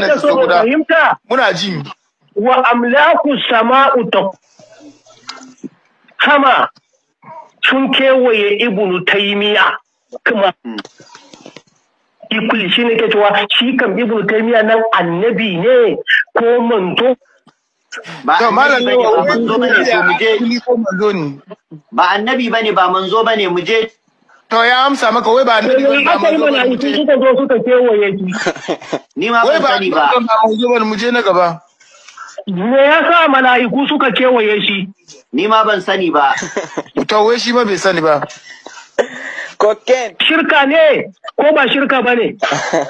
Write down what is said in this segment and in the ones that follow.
magana ta guda muna ji wa amlaku sama'u ta kama sun kewaye ibnu taymiya kuma hmm. ikuli shi ne ke cewa shi kan ibnu taymiya nan annabi ne ko manto. ba annabi ba ne ba manzo bane mu je To ya amsa maka wai ba ni? annabi bane amma mala'iku suka zo suka kewaye ki. Ni ma ban sani ba. Wai ba mu je na gaba. Me yasa mala'iku suka kewaye shi? Ni ma ban sani ba. To wai shi ma bai sani ba. Koken. Shirka ne ko ba shirka ba ne?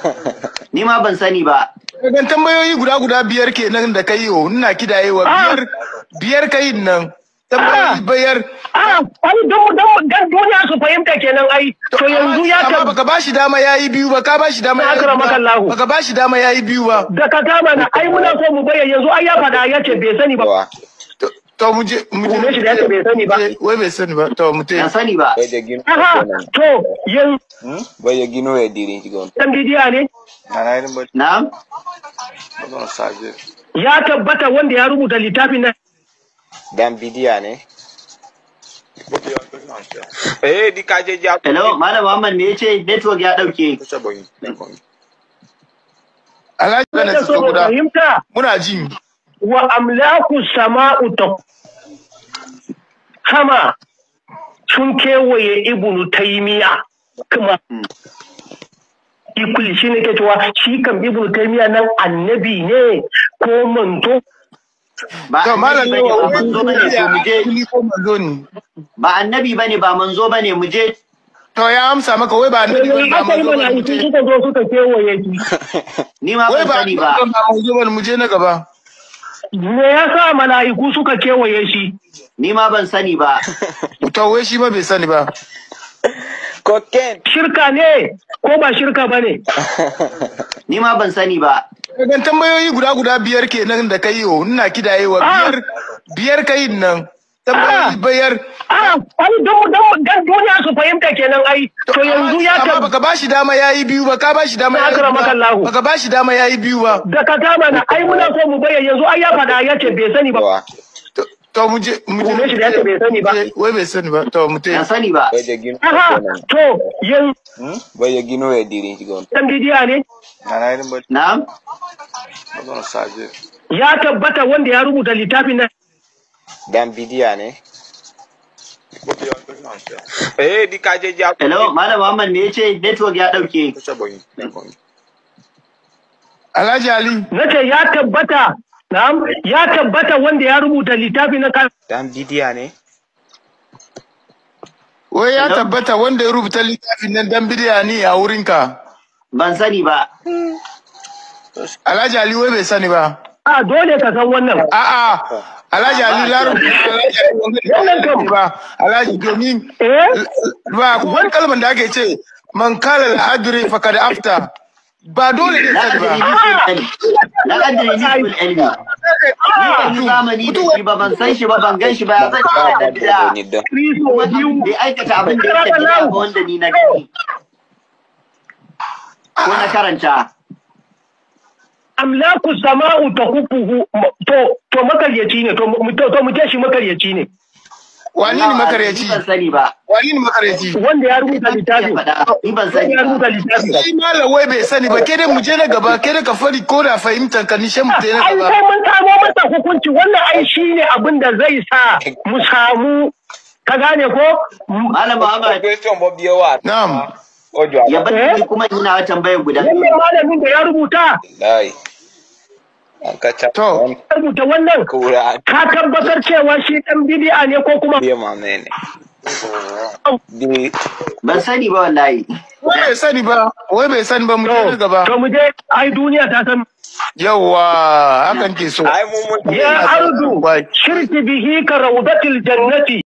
Ni ma ban sani ba. Dagan tambayoyi guda guda biyar kenan da kai yo ina kidayewa ah! biyar biyar kai nan. Tambayoyi ah! biyar ai don don dan duniya su fahimta kenan ai to yanzu ya ta baka bashi dama yayi biyu ba ka bashi dama yayi biyu baka bashi dama yayi biyu ba da ka kama na ai muna so mu bayyana yanzu ai ya fada ya ce bai sani ba to mu je mu je shi da ya bai sani ba wai bai sani ba to mu te sani ba aha to yanzu bai ya gino ya dire shi gon dan bidiya ne na'am ya tabbata wanda ya rubuta littafin nan dan bidiya ne Eh, di kaje ja. Hello, Malam Muhammad me yace network ya dauke. Alhaji Bello ta guda. Muna ji. Wa amlaku sama'u ta kama sun kewaye ibnu taymiya kuma hmm. shi ne ke cewa shi kan ibnu taymiya nan annabi ne ko manto ba annabi ba ne ba manzo ba ne mu je to ya amsa maka wai ba annabi ba bane ba manzo bane suka zo suka kewaye ki ni ma ban sani ba wai ba manzo bane mu je na gaba me yasa mala'iku suka kewaye shi ni ma ban sani ba to wai shi ba bai sani ba Koken. Shirka ne ko ba shirka ba ne? Ni ma ban sani ba. Dagan tambayoyi guda guda biyar kenan da kai yo ina kidayewa ah. biyar biyar kai nan. Tambayoyi ah. bayar. Ah, ai don don gan duniya su fahimta kenan ai. To yanzu ya ka baka bashi dama yayi biyu ba ka bashi dama yayi. Akram Allah. Baka bashi dama yayi biyu ba. Da ka kama na ai muna so mu bayyana yanzu ai ya fada yace bai sani ba. To mu je mu je. Shi da bai sani ba. Wai bai sani ba. To mu te. Ya sani ba. Aha. To yanzu. Hmm? Bai ya gino ya dire shi ga wannan. ne? Na Na'am. ya tabbata wanda ya rubuta littafin nan dan bidiya ne eh di kaje ji hello malam Muhammad ne yace network ya dauke Alhaji Ali nace ya tabbata na'am ya tabbata wanda ya rubuta littafin na dan bidiya ne Wai ya tabbata wanda ya rubuta littafin nan dan bidiya ne a wurinka ban sani ba Alhaji Ali wai bai sani ba. A dole ka san wannan. A'a Alhaji Ali Laru wannan kan ba Alhaji domin eh? ba wani kalmar da ake ce man kala al-adri faqad afta ba dole ne sani ba. Al-adri ni kul ilmi. Ni zamani da shi ba ban san shi ba ban gan shi ba ya zan da bida. Bai aikata abin da yake da wanda ni na gani. Ko na karanta. amlaku sama'u taqufuhu to to makaryaci ne to to mu ce shi makaryaci ne wani ne makaryaci ban sani ba wani ne makaryaci wanda ya rubuta littafi ni ban sani ya rubuta littafi sai malam wai bai sani ba kai mu je na gaba kai ka fari ko da fahimtar ka ni sai mu je na gaba ai sai mun kawo masa hukunci wannan ai shine abin da zai sa mu samu ka gane ko malam Muhammad na'am ya bar eh? ni kuma ina tambayar guda wannan malamin da ya rubuta wallahi to rubuta wannan ka tabbatar cewa shi dan bid'a ne ko kuma ya mame ne ban sani ba wallahi wai bai sani ba wai bai sani ba mu je gaba to mu je ai duniya ta san yawwa hakan ke so ya ardu shirki bihi ka raudatil jannati